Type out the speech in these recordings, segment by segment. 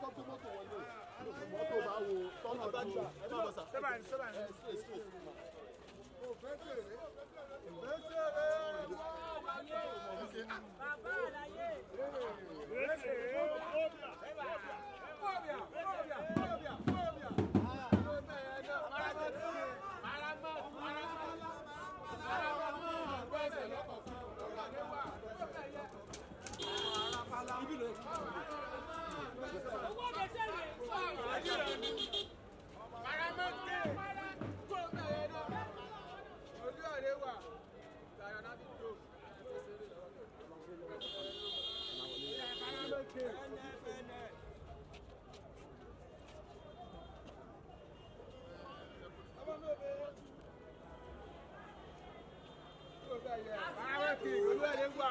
kọ́ gbé káàkiri olúwẹ̀dẹ́gbà.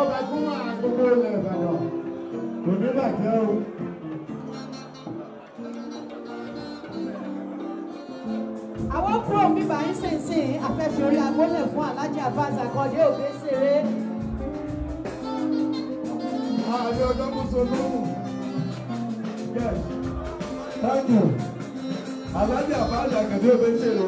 ọba gómà gbogbo ilẹ̀ Ìbàdàn kò ní bàjẹ́ o. àwọn kúrò mi bá ń ṣèṣìn àfẹ́fẹ́ orí agbólẹ̀ fún alájà bàzà kan dé òbí ṣeré. ààrẹ ọjọ́ mọ́sọ̀ lóhùn thank you alájà bàzà kan dé òbí ṣeré.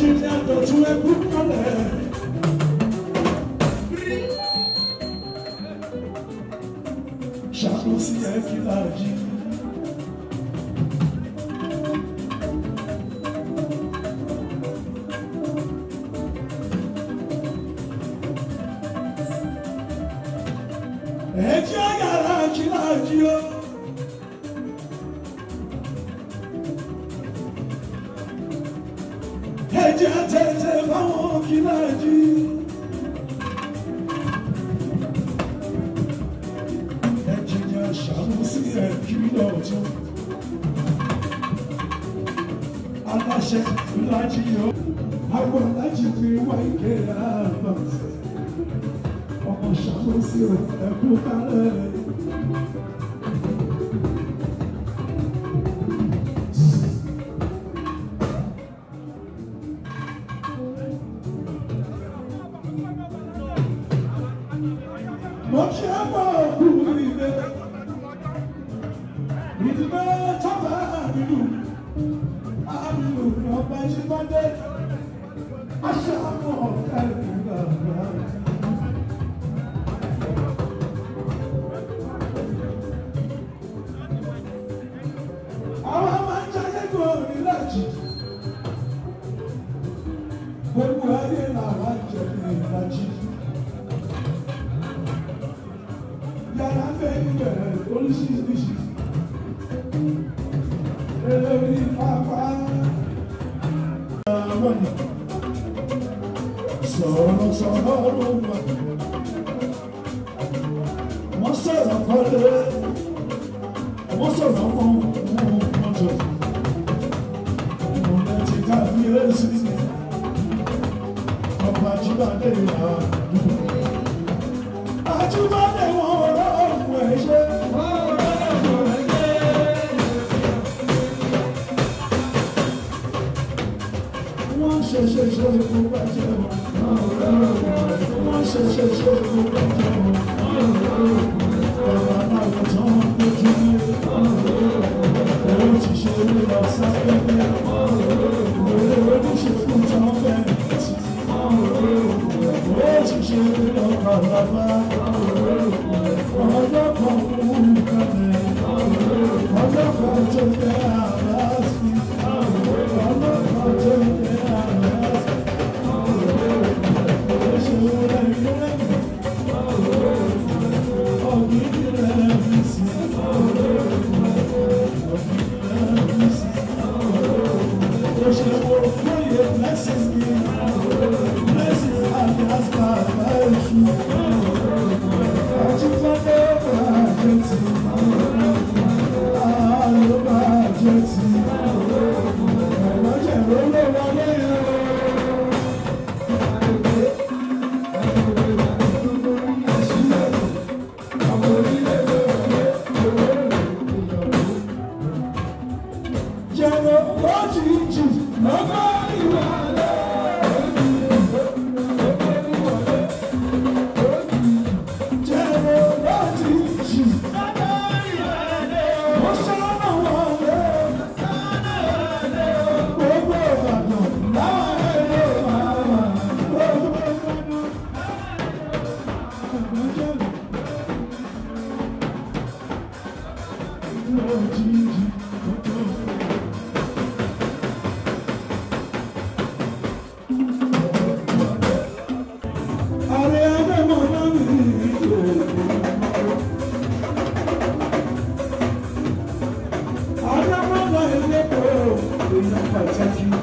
I'm gonna Legend and the two Mochiapa Buribe not Tọ́ba Àbìlú Àbìlú Ọba Ìṣẹ́gbọ́dé Aṣọ àpò. Yeah. 我们快进去。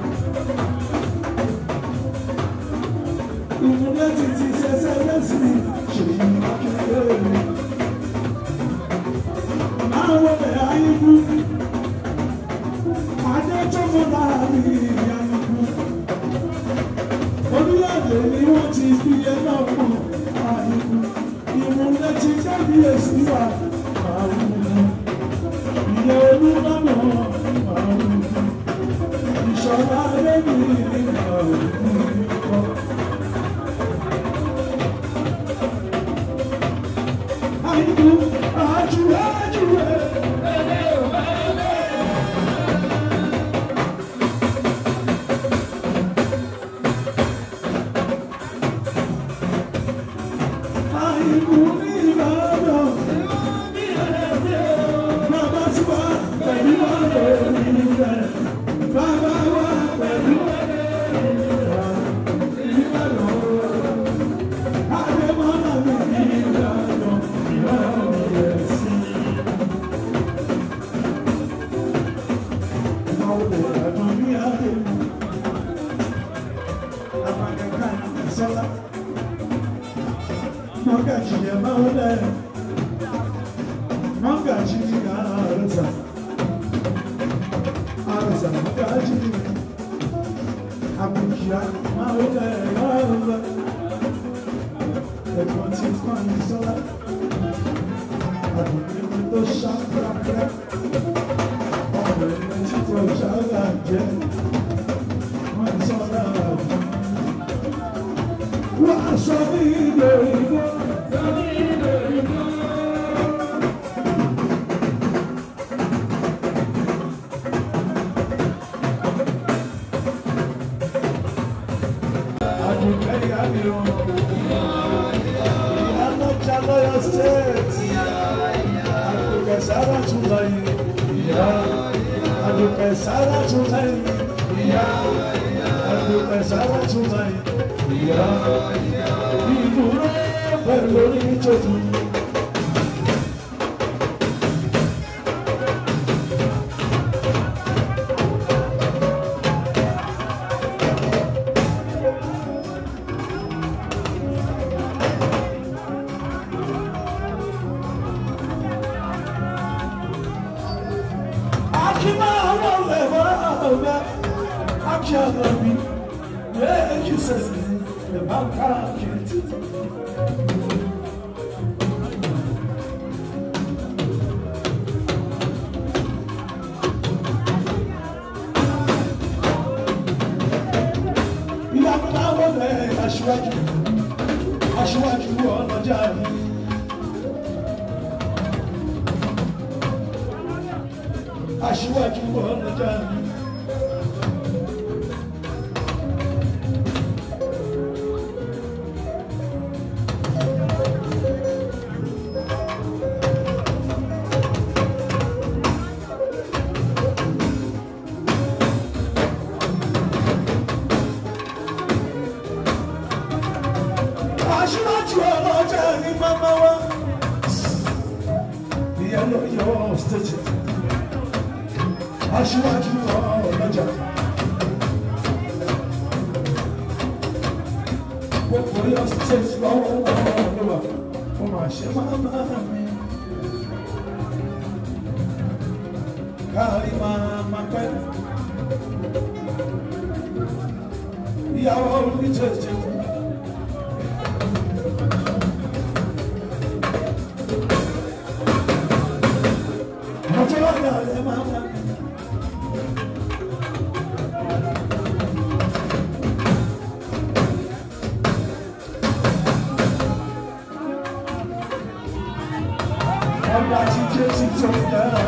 Loyal State. Aduke Saratunayi. Aduke Saratunayi. Aduke Saratunayi. Ìdúró pẹ̀lú orí tuntun. I aṣíwájú ọlọ́jà mi. so down.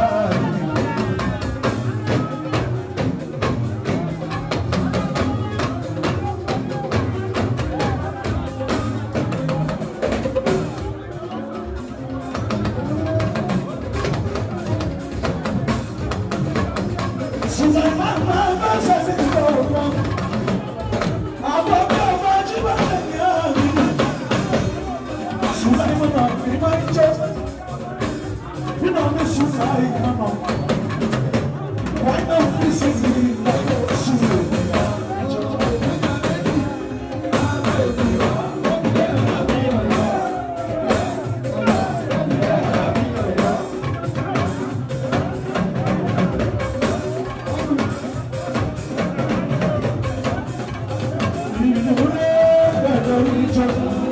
Leave the better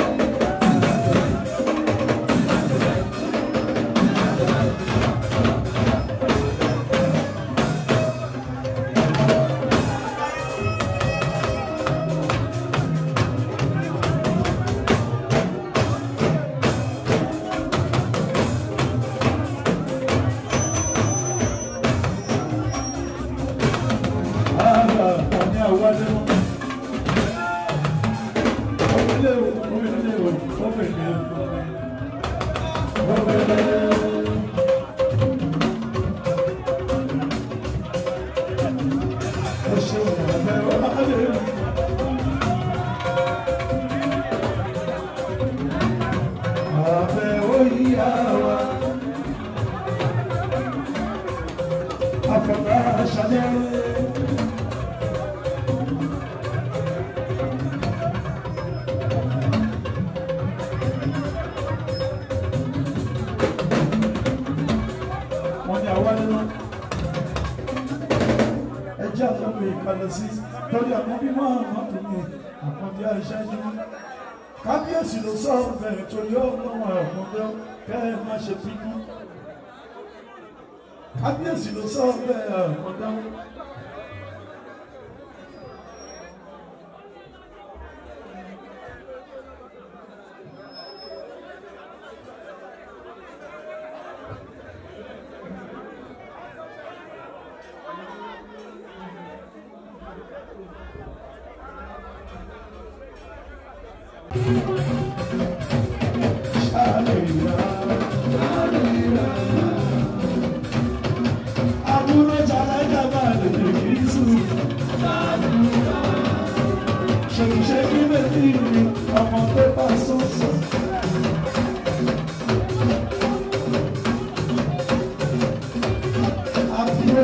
ìbàdàn sí torí ànábì Muhammad ní àkàndé àṣáájú kábíyèsí ló sọ bẹ́ẹ̀ torí ọlọ́run àkàndé kẹ́ ẹ má ṣe bínú kábíyèsí ló sọ bẹ́ẹ̀ àkàndé.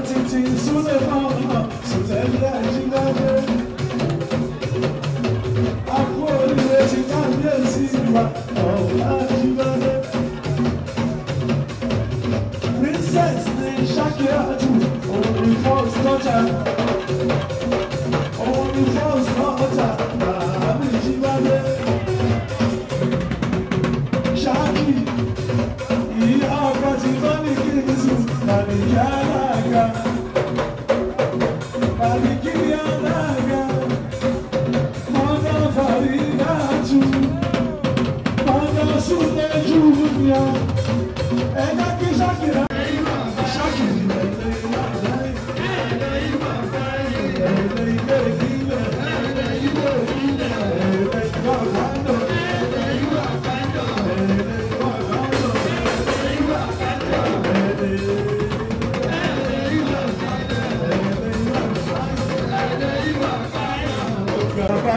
títí súnlẹ̀ fáwọn súnlẹ̀ ilé ìjìnlẹ̀ akú oríire ti kábíyèsí wa ọ̀la ìjìnlẹ̀ princess ní Shakira tù òun ní fox lọ́jà.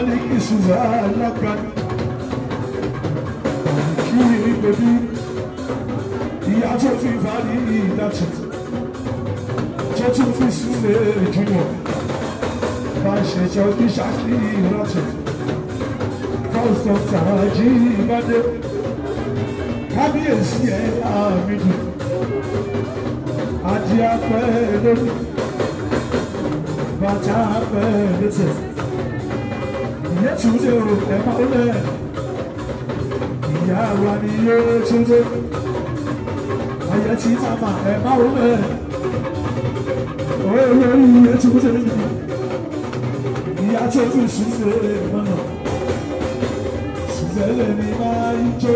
مالك سبحانك كيري ببي يا توفي فادي داتو توفي سولي جنو باشا جوكي شاكي راتو فوزو تاجي بدر kábíyèsí ẹ àmìdù àti apẹ lórí bàtà apẹ lórí. Jésù ṣe o ẹ̀ka ó lẹ̀. Ìyá wa ni yóò tún dé. Ayẹ tí tàbà ẹ̀ka ó lẹ̀. Ọ̀rẹ́ olórí Jésù ṣe é. Ìyá tó fi ṣùfẹ́ mọ́nà. Ṣùfẹ́ lè ní máa ń jó.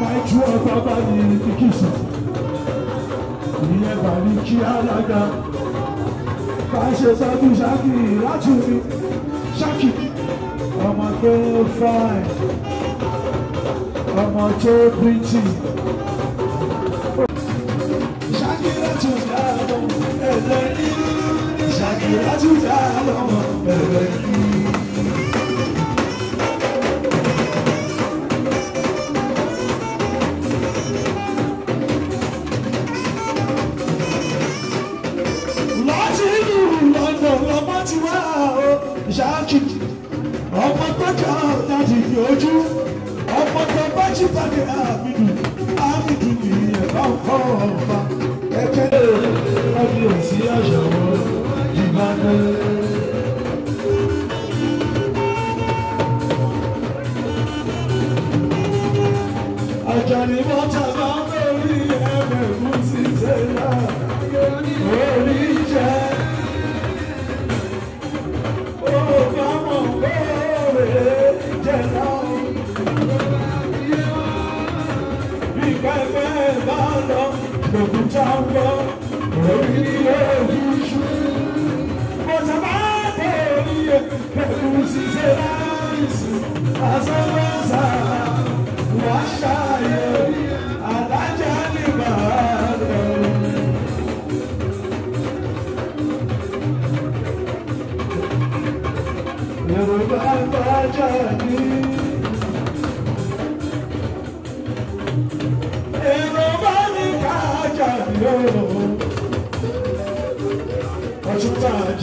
Máa ju ọgbà bá ní ìkísà. Ìyẹn bàbí kí alága. Bá ṣe sọ́dún ṣáàkì látúnfi pé ó fine ọmọ tó pretty. Ṣàkírà tó dá lọ́mọ ẹ̀rẹ̀ yìí mi ojú ọ̀pọ̀tọ̀ bá jí pàdé àmìdù àmìdù nìyẹn bá ń kọ́ ọba ẹ̀kẹ́ ọbí òsì àṣàwọ̀ ìbàdàn. Ajani mọ́tàlá. lọ́nà lòkúta ń bọ̀ orí ojúṣu. Bọ̀dà bá bọ̀ oríye pẹ̀lú ṣíṣe láìsí àsọ̀rọ̀sà wàá ṣàyẹ̀wò àdájá ní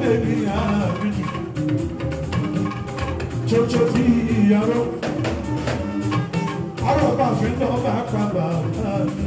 baby, I'm beautiful. Chocho ti yaro. Aro ba fi lo ba pa ba mi.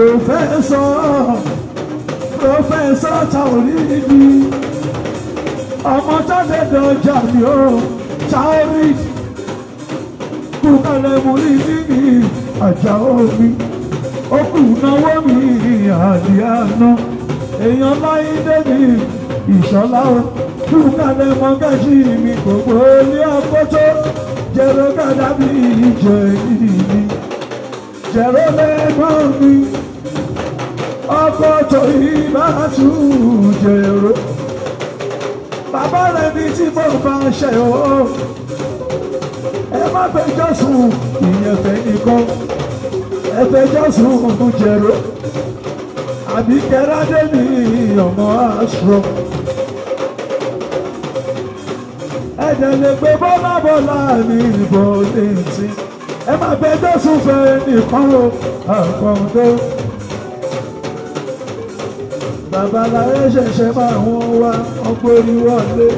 Professor, pòfẹ́sọ̀ ta ò rí níbi ọmọ tó lè dọjà mi ó ta ó rí kúkọlẹ̀ mú rí níbi àjà omi ó kù náwó mi àdìá náà èèyàn láyé débi ìṣọ́lá o kúkọlẹ̀ mọ́ gẹ́sì mi gbogbo apoto àpótó jẹ́rọ gàdá bí ìjọ ìdí mi jẹ́rọ lẹ́gbọ́n mi ọkọ̀tọ̀ ìbá tún jèrè. Bàbá rẹ̀ ní tí mo bá ṣe o. Ẹ má fẹjọ́ sùn ìyẹn fẹ́ nìkan. Ẹ fẹjọ́ sùn jèrè. Àbí kẹ́rádé ní ọmọ àṣọ. Ẹ̀jẹ̀ lè gbé bọ́lá bọ́lá ní ìbọn ní ti. Ẹ má fẹjọ́ sùn fẹ́ nìkan o. Àkọ́ńtó babaláyé ṣẹ̀ṣẹ̀ máa wọ́n wá ọgbórí wọlé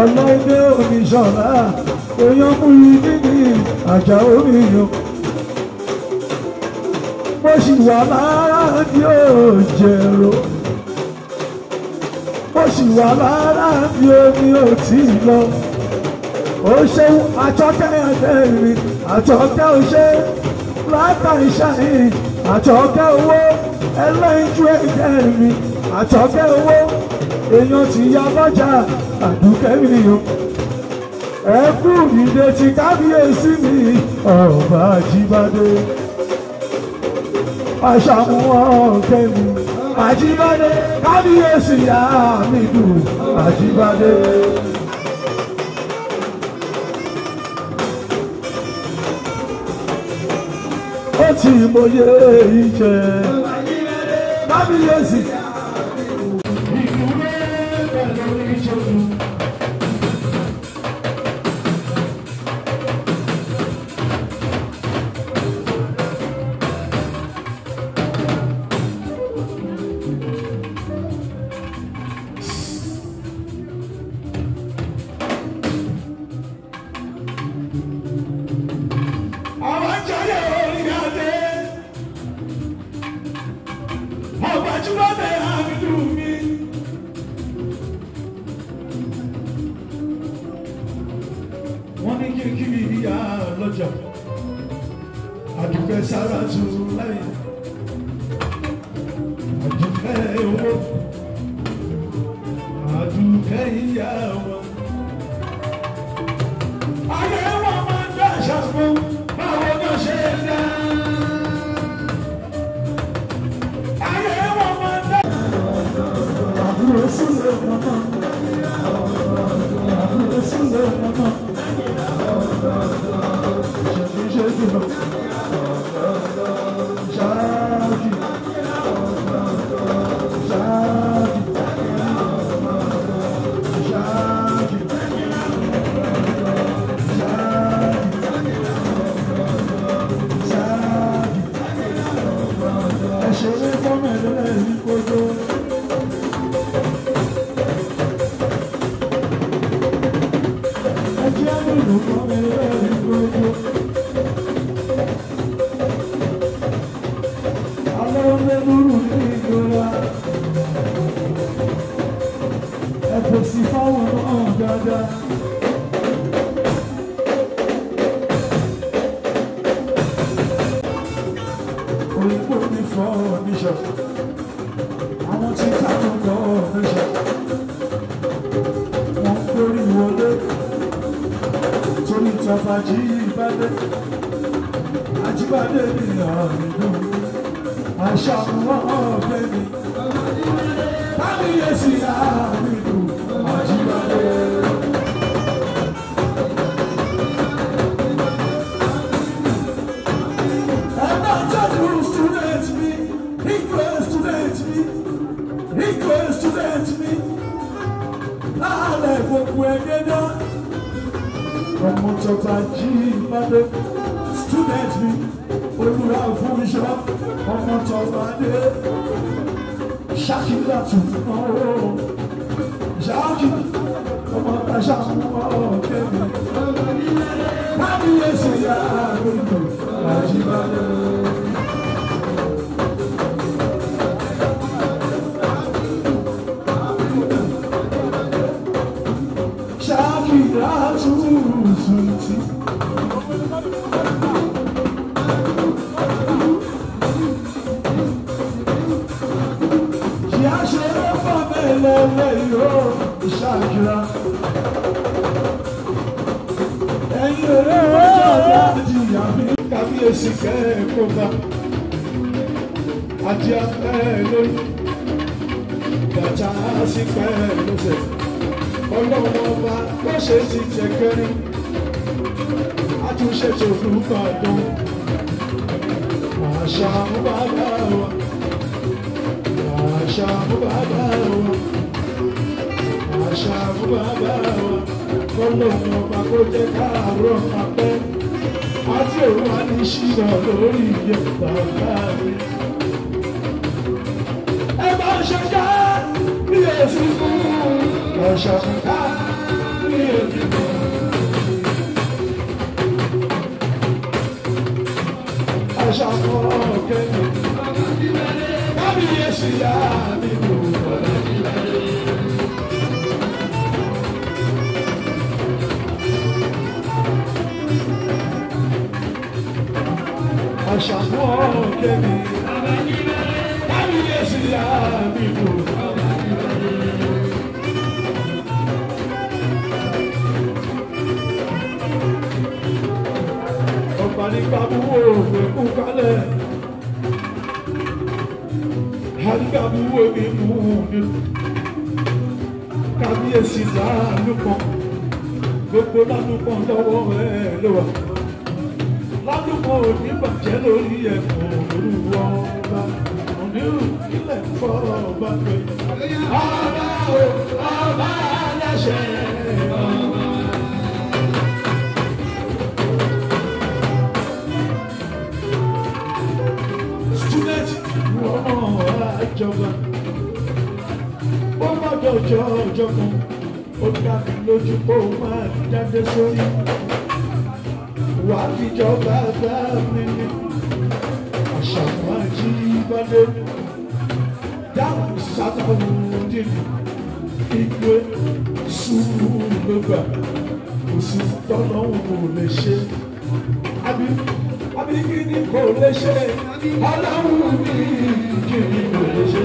ọláìdé oníṣọ̀lá èèyàn múyí níbi àjà oríyàn mo sì wà lára ní òjèrò mo sì wà lára ní omi òtí lọ ó ṣeun àtọ́kẹ́ ẹ̀dẹ́rin àtọ́kẹ́ òṣè látàrí ṣáà àtọ́kẹ́ owó ẹlẹ́yinjú ẹ̀jẹ̀ mi àtọ́kẹ́ owó èèyàn ti ya lọ́jà àdúkẹ́ mi o ẹ kú ìdè tí kábíyèsí mi ọba àjíbádé àṣàmúwọ̀n ọ̀kẹ́ mi àjíbádé kábíyèsí àmì dùn àjíbádé. ó ti mọyé ìjẹ́. maravilhoso. òyìnbó ní fọ́ọ̀míṣọ̀ àwọn tí táwọn fọ́ọ̀míṣọ̀ wọ́n ń gbórí wọlé torí tọfà jí ìbádé àjíbádé ní ọ̀rìnú àṣà wọn ọ̀fẹ́ mi yẹ sí àárín. Oyeda, Ọmọtọ́ta Jíbádé, student mi, Olúwa Fúnmiṣọ́, Ọmọtọ́ta Adé, Ṣákìlá tuntun ọ̀rọ̀, Ṣákì, ọmọta ṣàkóso ọ̀kẹ́ mi. Kábíyèsí yàrá lóyún, Àjíbádé. kẹ́ kó ta àti afẹ́ lórí dàjà sí pẹ́ lọ́sẹ̀ ọlọ́wọ́ ọba bó ṣe ti jẹ kẹrin àtúnṣe tó fún Ìbàdàn àṣà bàbá wa àṣà bàbá wa àṣà bàbá wa ọlọ́wọ́ ọba àti òun á ní ṣíṣọ lórí iye bàbá mi. ẹ bá ń ṣọjá bí èsì fún ọ̀ṣọ̀ká bí èsì fún. ọ̀ṣọ̀kan kẹ́kẹ́ bá mi yẹ yá mi. ṣàmú ọ̀rọ̀ kébì. Báyìí yé sí àmì ìlú. Ọ̀pá nípa búwo òwe kú kálẹ̀. Àdúgbà búwo mi mú ni. Kábíyèsí sàánú kan. Gbogbo lánú kan lọ́wọ́ ẹ̀ ló wà kò lórí ẹ̀fọ́ olúwa ọba onírù kílẹ̀ fọ́rọ̀ ọba pé. ọba o ọba aláṣẹ student ọmọ àjọba ó gbọ́dọ̀ jọ ọjọ́ kan ó dá mi lójú kó o máa jáde sórí wà fìjọba bá mi àṣàmọ́ àjíbádé dáhùn sátánù dídì ìgbé sùúrù gbégbà kò sí tọ́nà òun lè ṣe abíkí ni kò lè ṣe ọlọ́run mi kì í kò lè ṣe.